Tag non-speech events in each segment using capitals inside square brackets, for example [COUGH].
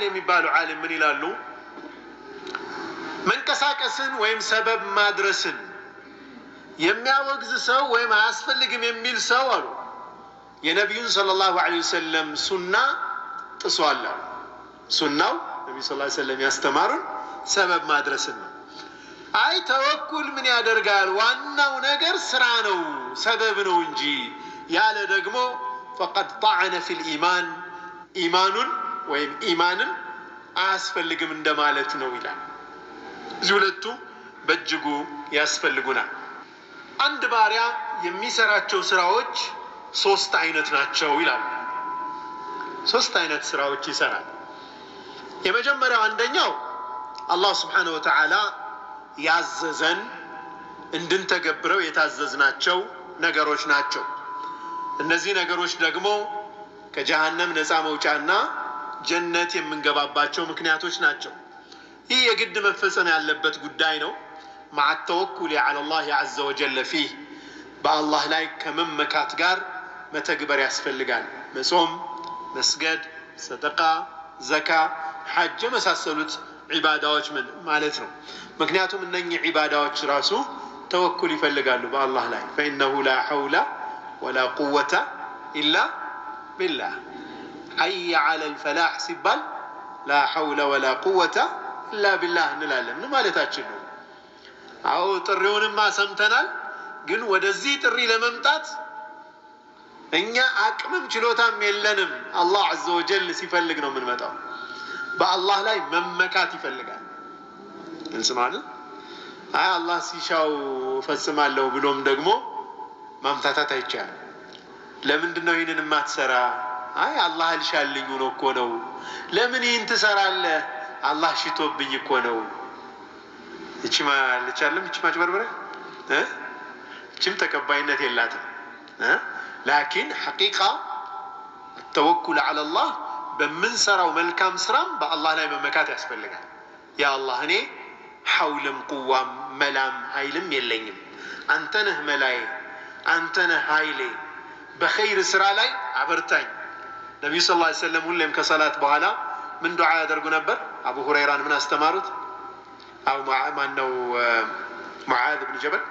ነው የሚባለው ዓለም ምን ይላሉ? መንቀሳቀስን ወይም ሰበብ ማድረስን የሚያወግዝ ሰው ወይም አያስፈልግም የሚል ሰው አሉ የነቢዩን ሰለላሁ ዐለይሂ ወሰለም ሱና ጥሷል አሉ። ሱናው ነቢ ስ ሰለም ያስተማሩን ሰበብ ማድረስን ነው። አይ ተወኩል ምን ያደርጋል? ዋናው ነገር ስራ ነው፣ ሰበብ ነው እንጂ ያለ ደግሞ ፈቀድ ጣዕነ ፊል ኢማን ኢማኑን ወይም ኢማንም አያስፈልግም እንደማለት ነው ይላል። እዚህ ሁለቱ በእጅጉ ያስፈልጉናል። አንድ ባሪያ የሚሰራቸው ስራዎች ሶስት አይነት ናቸው ይላሉ። ሶስት አይነት ስራዎች ይሰራል። የመጀመሪያው አንደኛው አላህ ስብሓነሁ ወተዓላ ያዘዘን እንድንተገብረው የታዘዝናቸው ነገሮች ናቸው። እነዚህ ነገሮች ደግሞ ከጀሃነም ነፃ መውጫና ጀነት የምንገባባቸው ምክንያቶች ናቸው። ይህ የግድ መፈጸም ያለበት ጉዳይ ነው። ማዓ ተወኩል ዐላ ላህ ዐዘ ወጀለ ፊህ በአላህ ላይ ከመመካት ጋር መተግበር ያስፈልጋል። መጾም፣ መስገድ፣ ሰደቃ፣ ዘካ፣ ሐጅ የመሳሰሉት ዒባዳዎች ማለት ነው። ምክንያቱም እነኚህ ዒባዳዎች ራሱ ተወኩል ይፈልጋሉ በአላህ ላይ ፈኢነሁ ላ ሐውላ ወላ ቁወተ ኢላ ቢላህ ሀይ አለል ፈላህ ሲባል ላ ሐውለ ወላ ቁወተ ኢላ ቢላህ እንላለን። ምን ማለታችን ነው? አዎ ጥሪውንማ ሰምተናል። ግን ወደዚህ ጥሪ ለመምጣት እኛ አቅምም ችሎታም የለንም። አላህ አዘ ወጀል ሲፈልግ ነው የምንመጣው። በአላህ ላይ መመካት ይፈልጋል። ግልጽ ማለት አይ አላህ ሲሻው ፈጽማለሁ ብሎም ደግሞ ማምታታት አይቻልም። ለምንድን ነው ይህንን የማትሰራ አይ አላህ አልሻልኝ ሆኖ እኮ ነው። ለምን ይህን ትሰራለህ? አላህ ሽቶብኝ እኮ ነው። እቺ ማልቻለም እቺ ማጭበርበሪያ እችም ተቀባይነት የላትም። ላኪን ሐቂቃ ተወኩል አለላህ በምንሰራው መልካም ስራም በአላህ ላይ መመካት ያስፈልጋል። ያ አላህ እኔ ሐውልም ቁዋም መላም ኃይልም የለኝም፣ አንተ ነህ መላዬ፣ አንተ ነህ ኃይሌ። በኸይር ስራ ላይ አበርታኝ ነቢዩ ስ ላ ሰለም ሁሌም ከሰላት በኋላ ምን ዱዓ ያደርጉ ነበር? አቡ ሁረይራን ምን አስተማሩት? አቡ ማን ነው ሙዓዝ ብን ጀበል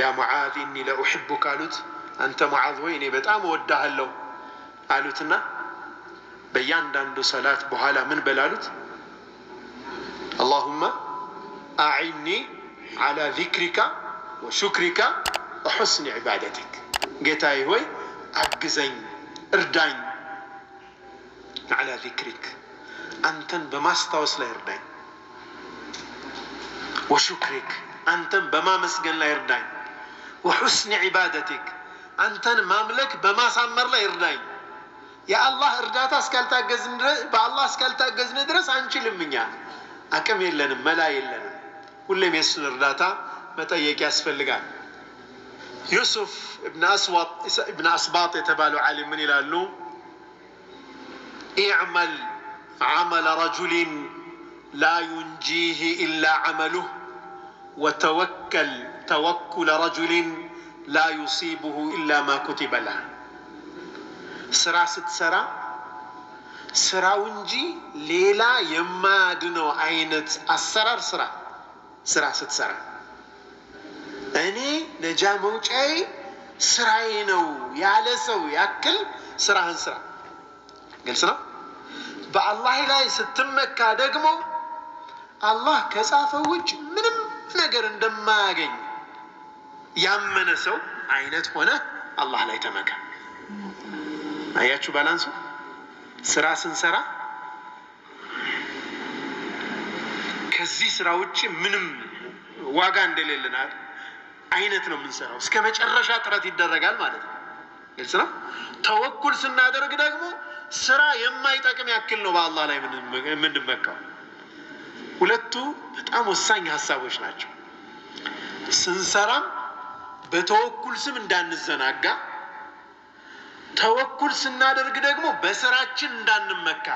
ያ ሙዓዝ ኢኒ ለኡሕቡክ አሉት። አንተ ሙዓዝ ወይ እኔ በጣም እወዳሃለሁ አሉትና በእያንዳንዱ ሰላት በኋላ ምን በላሉት? አላሁመ አዒኒ ዓላ ዚክሪካ ወሹክሪካ ወሑስኒ ዒባደቲክ ጌታዬ ሆይ አግዘኝ፣ እርዳኝ አላ ዚክሪክ አንተን በማስታወስ ላይ እርዳኝ። ወሹክሪክ አንተን በማመስገን ላይ እርዳኝ። ወሑስኒ ዒባደቲክ አንተን ማምለክ በማሳመር ላይ እርዳኝ። የአላህ እርዳታ እስካልታገዝን ድረስ በአላህ እስካልታገዝን ድረስ አንችልም። እኛ አቅም የለንም፣ መላ የለንም። ሁሌም የሱን እርዳታ መጠየቅ ያስፈልጋል። ዩሱፍ እብን አስባጥ የተባሉ ዓሊም ምን ይላሉ? اعمل عمل رجل لا ينجيه الا عمله وتوكل توكل رجل لا يصيبه الا ما كتب له سرا ست سرا سراو انجي ليلا يما دنو عينت السرار سرا سرا ست سرا اني نجا موچاي سراي نو يا لسو ياكل سرا قلت سرا, سرا. በአላህ ላይ ስትመካ ደግሞ አላህ ከጻፈው ውጭ ምንም ነገር እንደማያገኝ ያመነ ሰው አይነት ሆነ አላህ ላይ ተመካ። አያችሁ፣ ባላንሱ ስራ ስንሰራ ከዚህ ስራ ውጭ ምንም ዋጋ እንደሌለን አይነት ነው የምንሰራው። እስከ መጨረሻ ጥረት ይደረጋል ማለት ነው። ግልጽ ነው። ተወኩል ስናደርግ ደግሞ ስራ የማይጠቅም ያክል ነው በአላህ ላይ የምንመካው። ሁለቱ በጣም ወሳኝ ሀሳቦች ናቸው። ስንሰራም በተወኩል ስም እንዳንዘናጋ፣ ተወኩል ስናደርግ ደግሞ በስራችን እንዳንመካ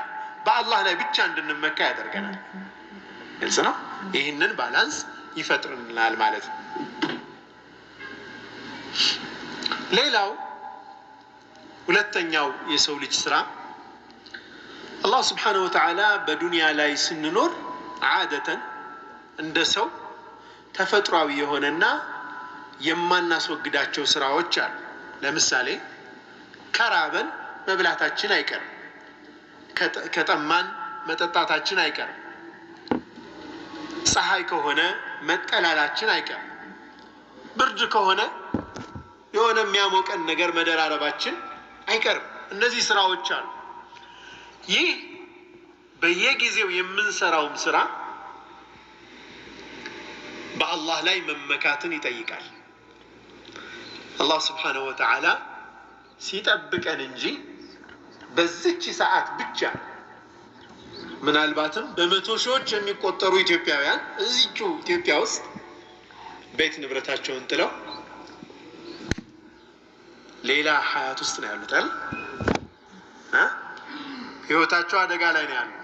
በአላህ ላይ ብቻ እንድንመካ ያደርገናል። ግልጽ ነው። ይህንን ባላንስ ይፈጥርናል ማለት ነው። ሌላው ሁለተኛው የሰው ልጅ ስራ አላህ ስብሓነ ወተዓላ በዱንያ ላይ ስንኖር አደተን እንደ ሰው ተፈጥሯዊ የሆነና የማናስወግዳቸው ስራዎች አሉ። ለምሳሌ ከራበን መብላታችን አይቀርም፣ ከጠማን መጠጣታችን አይቀርም፣ ፀሐይ ከሆነ መጠላላችን አይቀርም፣ ብርድ ከሆነ የሆነ የሚያሞቀን ነገር መደራረባችን አይቀርም። እነዚህ ስራዎች አሉ። ይህ በየጊዜው የምንሰራውም ስራ በአላህ ላይ መመካትን ይጠይቃል። አላህ ስብሓነሁ ወተዓላ ሲጠብቀን እንጂ በዚች ሰዓት ብቻ ምናልባትም በመቶ ሺዎች የሚቆጠሩ ኢትዮጵያውያን እዚቹ ኢትዮጵያ ውስጥ ቤት ንብረታቸውን ጥለው ሌላ ሀያት ውስጥ ነው ያሉታል። ህይወታቸው አደጋ ላይ ነው ያለው።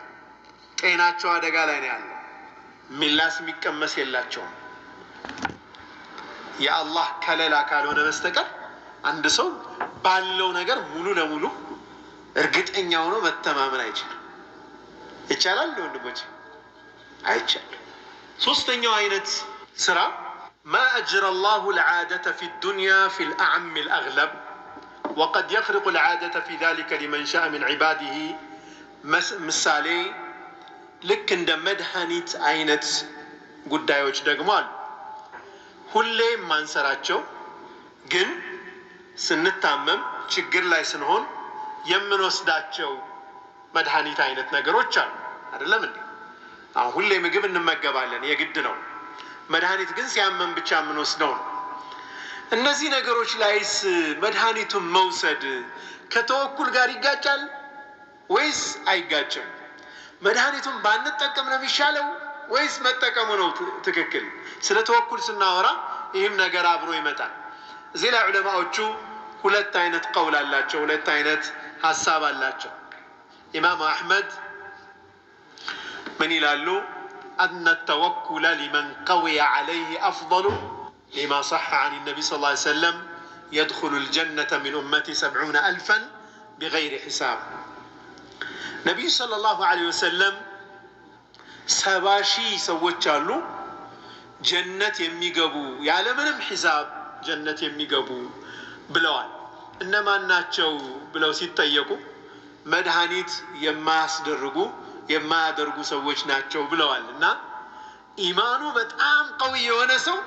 ጤናቸው አደጋ ላይ ነው ያለው። ሚላስ የሚቀመስ የላቸውም። የአላህ ከለላ ካልሆነ በስተቀር አንድ ሰው ባለው ነገር ሙሉ ለሙሉ እርግጠኛ ሆኖ መተማመን አይችልም። ይቻላል ወንድሞች፣ አይቻልም። ሶስተኛው አይነት ስራ ማ አጅረ ላሁ ልዓደተ ፊ ዱንያ ፊ ልአዕሚ ልአግለብ ወቀድ የፍርቁ ልዓደተ ፊ ዛሊከ ሊመን ሻአ ምን ዒባዲህ ምሳሌ ልክ እንደ መድኃኒት አይነት ጉዳዮች ደግሞ አሉ። ሁሌ የማንሰራቸው ግን ስንታመም ችግር ላይ ስንሆን የምንወስዳቸው መድኃኒት አይነት ነገሮች አሉ። አይደለም እንዴ? አሁን ሁሌ ምግብ እንመገባለን፣ የግድ ነው። መድኃኒት ግን ሲያመን ብቻ የምንወስደው ነው። እነዚህ ነገሮች ላይስ መድኃኒቱን መውሰድ ከተወኩል ጋር ይጋጫል? ወይስ አይጋጭም? መድኃኒቱን ባንጠቀም ነው የሚሻለው ወይስ መጠቀሙ ነው ትክክል? ስለ ተወኩል ስናወራ ይህም ነገር አብሮ ይመጣል። እዚህ ላይ ዑለማዎቹ ሁለት አይነት ቀውል አላቸው፣ ሁለት አይነት ሀሳብ አላቸው። ኢማሙ አሕመድ ምን ይላሉ? አነ ተወኩለ ሊመን ቀውየ ዓለይህ አፍضሉ ሊማ ሰሐ አን ነቢ ስ ሰለም የድኹሉ ልጀነተ ሚን ኡመቲ ሰብዑነ አልፈን ቢገይሪ ሒሳብ ነቢዩ ሰለላሁ ዐለይሂ ወሰለም ሰባ ሺህ ሰዎች አሉ ጀነት የሚገቡ ያለምንም ሒሳብ ጀነት የሚገቡ ብለዋል። እነማን ናቸው ብለው ሲጠየቁ መድኃኒት የማያስደርጉ የማያደርጉ ሰዎች ናቸው ብለዋል። እና ኢማኑ በጣም ቀዊ የሆነ ሰው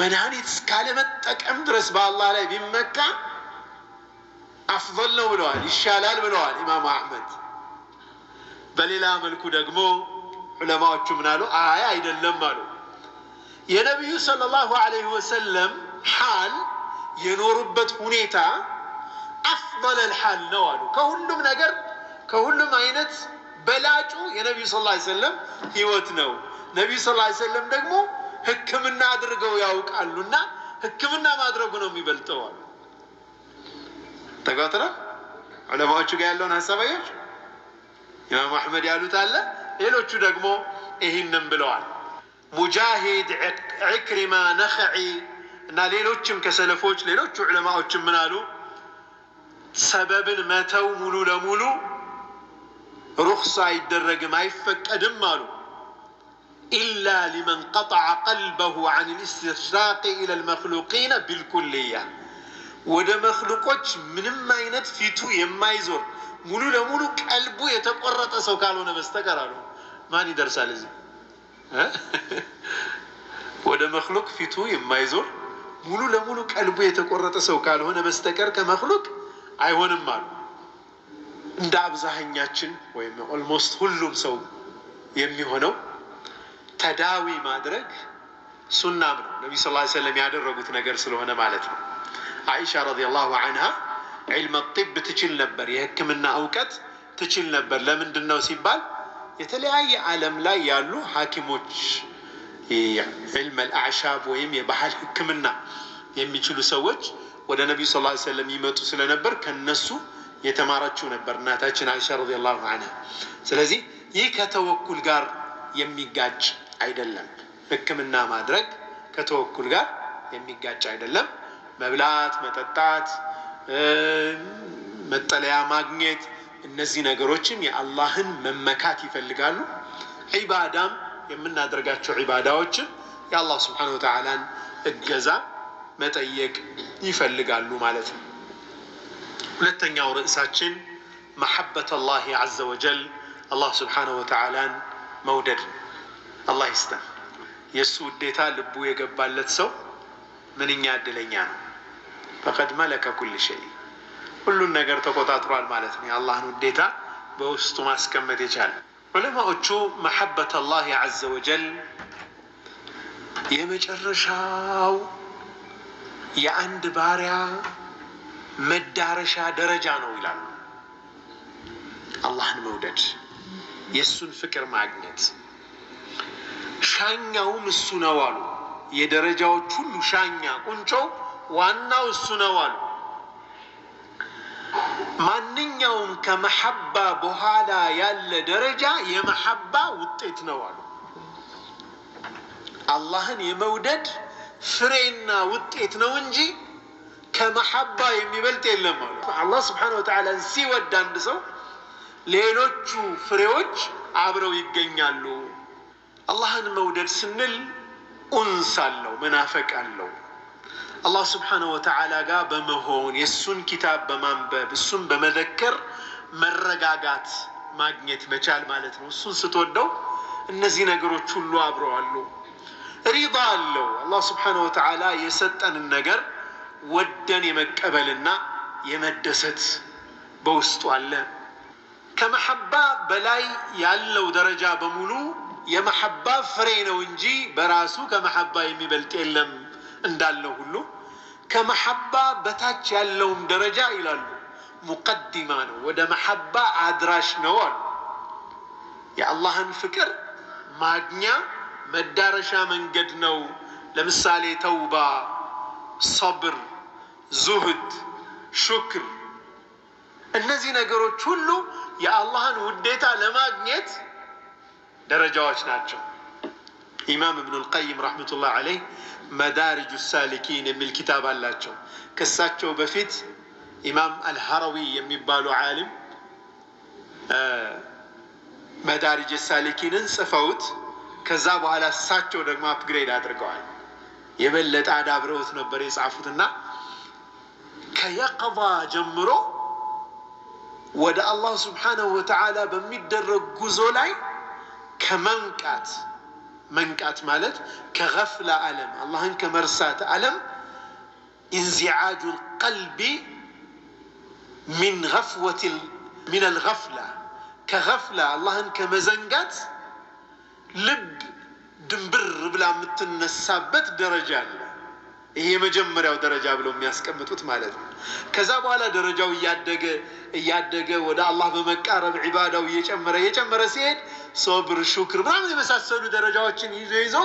መድኃኒት እስካለመጠቀም ድረስ በአላህ ላይ ቢመካ አፍዘል ነው ብለዋል፣ ይሻላል ብለዋል ኢማሙ አሕመድ። በሌላ መልኩ ደግሞ ዑለማዎቹ ምን አሉ? አይ አይደለም አሉ። የነቢዩ ሰለላሁ ዐለይሂ ወሰለም ሓል የኖሩበት ሁኔታ አፍበለል ሓል ነው አሉ። ከሁሉም ነገር ከሁሉም አይነት በላጩ የነቢዩ ሰለላሁ ዐለይሂ ወሰለም ህይወት ነው። ነቢዩ ሰለላሁ ዐለይሂ ወሰለም ደግሞ ህክምና አድርገው ያውቃሉና ህክምና ማድረጉ ነው የሚበልጠው አሉ። ተጋት ነው። ዑለማዎቹ ጋር ያለውን ሀሳብ አያችሁ። ኢማም አሕመድ ያሉት አለ፣ ሌሎቹ ደግሞ ይህንም ብለዋል። ሙጃሂድ፣ ዕክሪማ፣ ነኸዒ እና ሌሎችም ከሰለፎች ሌሎቹ ዑለማዎችም ምን አሉ? ሰበብን መተው ሙሉ ለሙሉ ሩክሳ አይደረግም አይፈቀድም አሉ። ኢላ ሊመን ቀጠዐ ቀልበሁ ዐን ልእስትሽራቅ ኢለል መክሉቂነ ቢልኩልያ ወደ መክሉቆች ምንም አይነት ፊቱ የማይዞር ሙሉ ለሙሉ ቀልቡ የተቆረጠ ሰው ካልሆነ በስተቀር አሉ ማን ይደርሳል እዚህ? ወደ መክሉቅ ፊቱ የማይዞር ሙሉ ለሙሉ ቀልቡ የተቆረጠ ሰው ካልሆነ በስተቀር ከመክሉቅ አይሆንም አሉ። እንደ አብዛኛችን ወይም ኦልሞስት ሁሉም ሰው የሚሆነው ተዳዊ ማድረግ ሱናም ነው። ነቢ ስ ሰለም ያደረጉት ነገር ስለሆነ ማለት ነው። አይሻ ረዲየላሁ አንሃ ዒልመ ጢብ ትችል ነበር፣ የህክምና እውቀት ትችል ነበር። ለምንድን ነው ሲባል የተለያየ ዓለም ላይ ያሉ ሐኪሞች ዒልመል አዕሻብ ወይም የባህል ህክምና የሚችሉ ሰዎች ወደ ነቢዩ ሰለላሁ ዐለይሂ ይመጡ ስለነበር ከነሱ የተማረችው ነበር እናታችን አይሻ ረዲየላሁ አንሃ። ስለዚህ ይህ ከተወኩል ጋር የሚጋጭ አይደለም። ህክምና ማድረግ ከተወኩል ጋር የሚጋጭ አይደለም። መብላት፣ መጠጣት፣ መጠለያ ማግኘት እነዚህ ነገሮችም የአላህን መመካት ይፈልጋሉ። ዒባዳም የምናደርጋቸው ዒባዳዎችም የአላህ ስብሓነ ወተዓላን እገዛ መጠየቅ ይፈልጋሉ ማለት ነው። ሁለተኛው ርዕሳችን መሐበት አላህ ዐዘ ወጀል አላህ ስብሓነ ወተዓላን መውደድ። አላህ ይስጠን። የእሱ ውዴታ ልቡ የገባለት ሰው ምንኛ እድለኛ ነው። ፈቀድ መለከ ኩል ሸይ ሁሉን ነገር ተቆጣጥሯል ማለት ነው። የአላህን ውዴታ በውስጡ ማስቀመጥ የቻለ ዑለማዎቹ መሐበት አላህ አዘ ወጀል የመጨረሻው የአንድ ባሪያ መዳረሻ ደረጃ ነው ይላሉ። አላህን መውደድ፣ የእሱን ፍቅር ማግኘት፣ ሻኛውም እሱ ነው አሉ። የደረጃዎች ሁሉ ሻኛ ቁንጮ ዋናው እሱ ነው አሉ። ማንኛውም ከመሐባ በኋላ ያለ ደረጃ የመሐባ ውጤት ነው አሉ። አላህን የመውደድ ፍሬና ውጤት ነው እንጂ ከመሐባ የሚበልጥ የለም አሉ። አላህ ስብሓነሁ ወተዓላ ሲወድ አንድ ሰው ሌሎቹ ፍሬዎች አብረው ይገኛሉ። አላህን መውደድ ስንል ኡንስ አለው፣ መናፈቅ አለው። አላህ ስብሓነሁ ወተዓላ ጋር በመሆን የእሱን ኪታብ በማንበብ እሱን በመዘከር መረጋጋት ማግኘት መቻል ማለት ነው። እሱን ስትወደው እነዚህ ነገሮች ሁሉ አብረው አሉ። ሪዳ አለው። አላህ ስብሓነሁ ወተዓላ የሰጠንን ነገር ወደን የመቀበልና የመደሰት በውስጡ አለ። ከመሐባ በላይ ያለው ደረጃ በሙሉ የመሐባ ፍሬ ነው እንጂ በራሱ ከመሐባ የሚበልጥ የለም። እንዳለው ሁሉ ከመሐባ በታች ያለውም ደረጃ ይላሉ ሙቀዲማ ነው፣ ወደ መሐባ አድራሽ ነው አሉ። የአላህን ፍቅር ማግኛ መዳረሻ መንገድ ነው። ለምሳሌ ተውባ፣ ሰብር፣ ዙህድ፣ ሹክር እነዚህ ነገሮች ሁሉ የአላህን ውዴታ ለማግኘት ደረጃዎች ናቸው። ኢማም እብኑል ቀይም ረሕመቱላህ ዓለይህ መዳሪጁ ሳሊኪን የሚል ኪታብ አላቸው። ከሳቸው በፊት ኢማም አልሀረዊ የሚባሉ ዓሊም መዳሪጅ ሳሊኪንን ጽፈውት ከዛ በኋላ እሳቸው ደግሞ አፕግሬድ አድርገዋል። የበለጠ አዳብረውት ነበር የጻፉትና ከየቅባ ጀምሮ ወደ አላህ ስብሓነሁ ወተዓላ በሚደረግ ጉዞ ላይ ከመንቃት መንቃት ማለት ከገፍላ ዓለም አላህን ከመርሳት ዓለም ኢንዚዓጁ ቀልቢ ሚን ገፍወት ሚን አልገፍላ ከገፍላ አላህን ከመዘንጋት ልብ ድንብር ብላ የምትነሳበት ደረጃ አለ። ይሄ የመጀመሪያው ደረጃ ብለው የሚያስቀምጡት ማለት ነው። ከዛ በኋላ ደረጃው እያደገ እያደገ ወደ አላህ በመቃረብ ዒባዳው እየጨመረ እየጨመረ ሲሄድ ሶብር፣ ሹክር ምናምን የመሳሰሉ ደረጃዎችን ይዞ ይዞ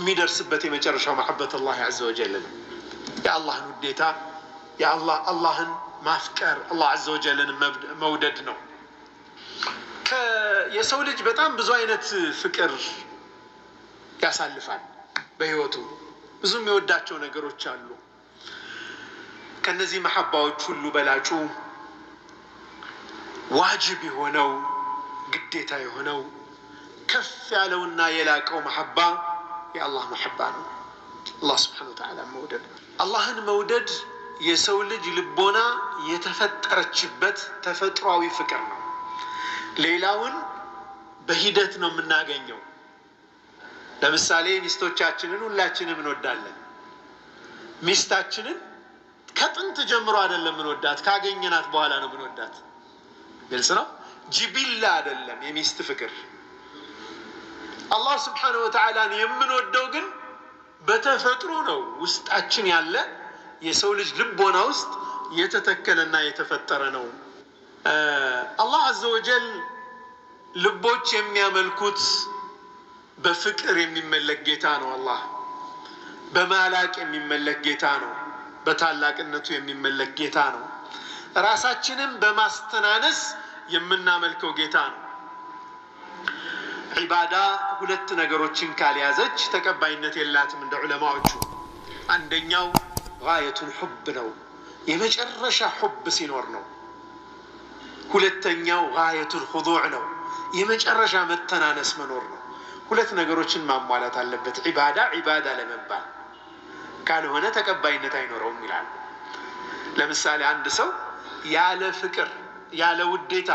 የሚደርስበት የመጨረሻው መሐበት አላህ ዐዘ ወጀል ነው። የአላህን ውዴታ አላህን ማፍቀር አላህ ዐዘ ወጀልን መውደድ ነው። የሰው ልጅ በጣም ብዙ አይነት ፍቅር ያሳልፋል በህይወቱ ብዙ የሚወዳቸው ነገሮች አሉ። ከነዚህ መሐባዎች ሁሉ በላጩ ዋጅብ የሆነው ግዴታ የሆነው ከፍ ያለውና የላቀው መሐባ የአላህ መሐባ ነው። አላህ ስብሓነ ወተዓላ መውደድ አላህን መውደድ የሰው ልጅ ልቦና የተፈጠረችበት ተፈጥሯዊ ፍቅር ነው። ሌላውን በሂደት ነው የምናገኘው። ለምሳሌ ሚስቶቻችንን ሁላችንም እንወዳለን። ሚስታችንን ከጥንት ጀምሮ አይደለም ምንወዳት፣ ካገኘናት በኋላ ነው ምንወዳት። ግልጽ ነው። ጅቢላ አይደለም የሚስት ፍቅር። አላህ ስብሓነሁ ወተዓላን የምንወደው ግን በተፈጥሮ ነው። ውስጣችን ያለ የሰው ልጅ ልቦና ውስጥ የተተከለና የተፈጠረ ነው። አላህ አዘወጀል ልቦች የሚያመልኩት በፍቅር የሚመለክ ጌታ ነው። አላህ በማላቅ የሚመለክ ጌታ ነው። በታላቅነቱ የሚመለክ ጌታ ነው። ራሳችንን በማስተናነስ የምናመልከው ጌታ ነው። ዒባዳ ሁለት ነገሮችን ካልያዘች ተቀባይነት የላትም እንደ ዑለማዎቹ። አንደኛው ጋየቱን ሑብ ነው፣ የመጨረሻ ሑብ ሲኖር ነው። ሁለተኛው ጋየቱን ኹዱዕ ነው፣ የመጨረሻ መተናነስ መኖር ነው። ሁለት ነገሮችን ማሟላት አለበት ዒባዳ ዒባዳ ለመባል ካልሆነ ተቀባይነት አይኖረውም ይላሉ። ለምሳሌ አንድ ሰው ያለ ፍቅር ያለ ውዴታ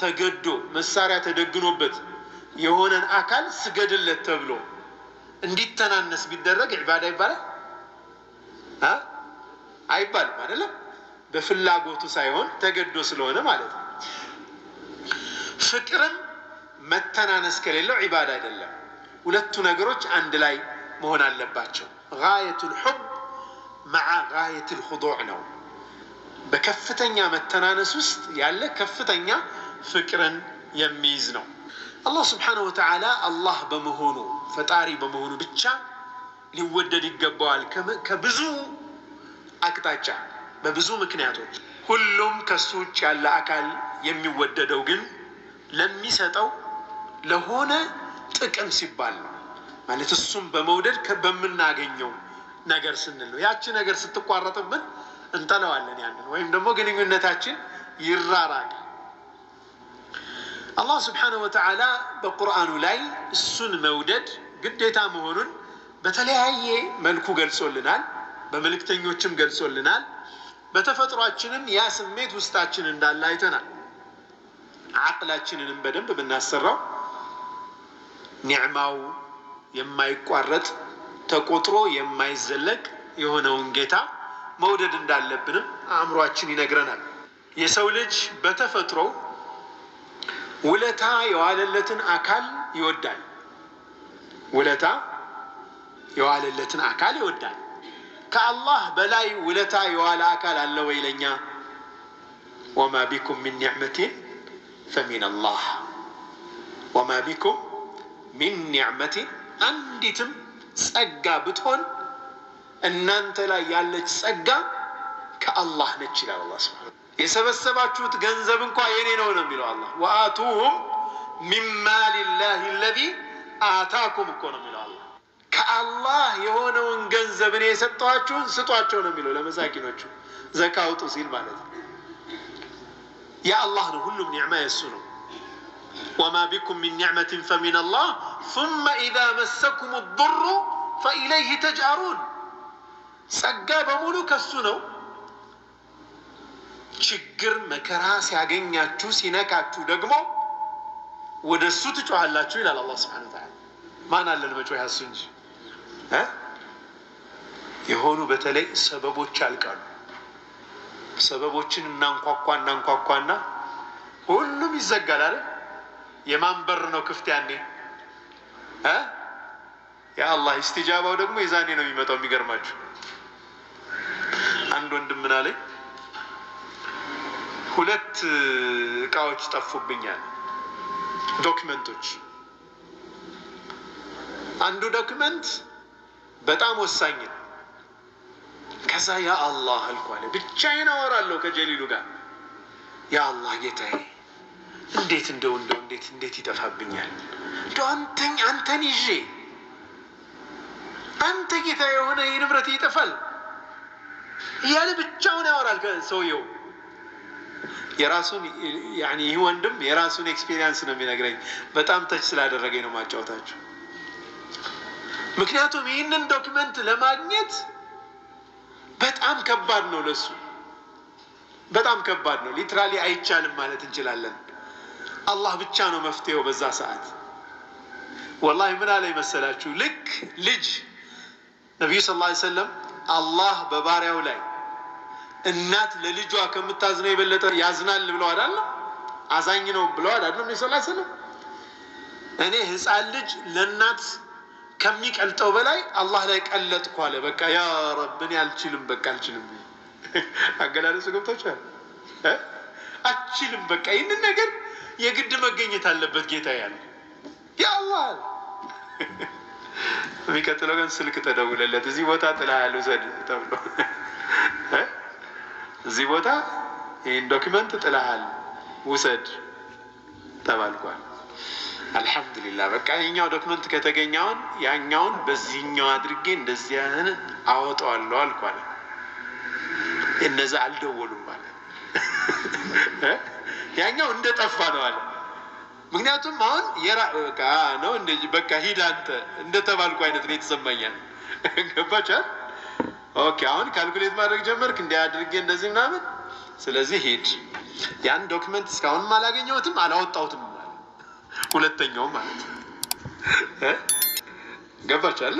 ተገዶ መሳሪያ ተደግኖበት የሆነን አካል ስገድለት ተብሎ እንዲተናነስ ቢደረግ ዒባዳ ይባላል አይባልም? አይደለም። በፍላጎቱ ሳይሆን ተገዶ ስለሆነ ማለት ነው። ፍቅርን መተናነስ ከሌለው ዒባዳ አይደለም። ሁለቱ ነገሮች አንድ ላይ መሆን አለባቸው። ጋየቱል ሑብ መዓ ጋየቱል ኹዱዕ ነው። በከፍተኛ መተናነስ ውስጥ ያለ ከፍተኛ ፍቅርን የሚይዝ ነው። አላህ ስብሓነሁ ወተዓላ አላህ በመሆኑ ፈጣሪ በመሆኑ ብቻ ሊወደድ ይገባዋል። ከብዙ አቅጣጫ በብዙ ምክንያቶች ሁሉም ከሱ ውጭ ያለ አካል የሚወደደው ግን ለሚሰጠው ለሆነ ጥቅም ሲባል ነው ማለት እሱም በመውደድ በምናገኘው ነገር ስንል ነው። ያቺ ነገር ስትቋረጥብን እንጠለዋለን ያንን ወይም ደግሞ ግንኙነታችን ይራራል። አላህ ስብሓነሁ ወተዓላ በቁርአኑ ላይ እሱን መውደድ ግዴታ መሆኑን በተለያየ መልኩ ገልጾልናል፣ በመልእክተኞችም ገልጾልናል። በተፈጥሯችንም ያ ስሜት ውስጣችን እንዳለ አይተናል። አቅላችንንም በደንብ ብናሰራው ኒዕማው የማይቋረጥ ተቆጥሮ የማይዘለቅ የሆነውን ጌታ መውደድ እንዳለብንም አእምሯችን ይነግረናል። የሰው ልጅ በተፈጥሮ ውለታ የዋለለትን አካል ይወዳል። ውለታ የዋለለትን አካል ይወዳል። ከአላህ በላይ ውለታ የዋለ አካል አለ ወይ ለኛ? ወማ ቢኩም ሚን ኒዕመቲን ፈሚን አላህ ወማ ቢኩም ሚን ኒዕመቲን አንዲትም ጸጋ ብትሆን እናንተ ላይ ያለች ጸጋ ከአላህ ነች ይላል። አላህ ስብሐ የሰበሰባችሁት ገንዘብ እንኳ የኔ ነው ነው የሚለው አላህ። ወአቱሁም ሚን አለዚ አታኩም እኮ ነው የሚለው አላህ። ከአላህ የሆነውን ገንዘብ እኔ የሰጠኋችሁን ስጧቸው ነው የሚለው ለመሳኪኖቹ ዘካ አውጡ ሲል ማለት ነው። የአላህ ነው፣ ሁሉም ኒዕማ የሱ ነው። ወማ ቢኩም ሚን ኒዕመትን ፈሚን አላህ ሱመ ኢዛ መሰኩም ዱሩ ፈኢለይህ ተጅአሩን። ጸጋ በሙሉ ከሱ ነው። ችግር መከራ ሲያገኛችሁ ሲነካችሁ ደግሞ ወደ እሱ ትጮሃላችሁ ይላል አላህ ስብሐነ ወተዓላ። ማን አለን መጮህ ያሱ እንጂ የሆኑ በተለይ ሰበቦች ያልቃሉ። ሰበቦችን እናንኳኳ እናንኳኳና ሁሉም ይዘጋል አይደል የማን በር ነው ክፍት ያኔ የአላህ ኢስቲጃባው ደግሞ የዛኔ ነው የሚመጣው። የሚገርማችሁ አንድ ወንድም ምን አለኝ፣ ሁለት እቃዎች ጠፉብኛል፣ ዶክመንቶች። አንዱ ዶክመንት በጣም ወሳኝ ነው። ከዛ ያ አላህ አልኳለ፣ ብቻዬን አወራለሁ ከጀሊሉ ጋር ያ አላህ ጌታዬ እንዴት እንደው እንደው እንዴት እንዴት ይጠፋብኛል እንደው አንተኝ አንተን ይዤ አንተ ጌታ የሆነ የንብረት ይጠፋል እያለ ብቻውን ያወራል ሰውየው። የራሱን ያኔ ይህ ወንድም የራሱን ኤክስፔሪንስ ነው የሚነግረኝ። በጣም ተች ስላደረገኝ ነው ማጫወታችሁ። ምክንያቱም ይህንን ዶክመንት ለማግኘት በጣም ከባድ ነው፣ ለሱ በጣም ከባድ ነው። ሊትራሊ አይቻልም ማለት እንችላለን። አላህ ብቻ ነው መፍትሄው። በዛ ሰዓት ወላሂ ምን አለ መሰላችሁ? ልክ ልጅ ነቢዩ ሰለላሁ ዐለይሂ ወሰለም አላህ በባሪያው ላይ እናት ለልጇ ከምታዝነው የበለጠ ያዝናል ብለዋል። አለ አዛኝ ነው ብለዋል። አለ ነቢዩ ሰለላሁ ዐለይሂ እኔ ህፃን ልጅ ለእናት ከሚቀልጠው በላይ አላህ ላይ ቀለጥኩ አለ። በቃ ያ ረብ እኔ አልችልም፣ በቃ አልችልም። አገላለጹ ገብቶቻል። አልችልም በቃ ይህንን ነገር የግድ መገኘት አለበት ጌታ ያለ ያላል። የሚቀጥለው [LAUGHS] ግን ስልክ ተደውለለት እዚህ ቦታ ጥላ ያሉ ዘድ ተብሎ [LAUGHS] እዚህ ቦታ ይህን ዶክመንት ጥላሃል ውሰድ ተባልኳል። አልሐምዱሊላ በቃ ይኛው ዶክመንት ከተገኘውን ያኛውን በዚህኛው አድርጌ እንደዚያን አወጣዋለሁ አልኳለ። እነዚ አልደወሉም ማለት [LAUGHS] ያኛው እንደጠፋ ነው አለ። ምክንያቱም አሁን የራ ነው እንደዚህ በቃ ሂድ አንተ ተባልኩ አይነት ነው የተሰማኛል። [LAUGHS] ገባቻል? ኦኬ አሁን ካልኩሌት ማድረግ ጀመርክ አድርጌ እንደዚህ ምናምን። ስለዚህ ሂድ ያን ዶክመንት እስካሁንም አላገኘሁትም አላወጣሁትም። ሁለተኛውም ማለት ገባቻለ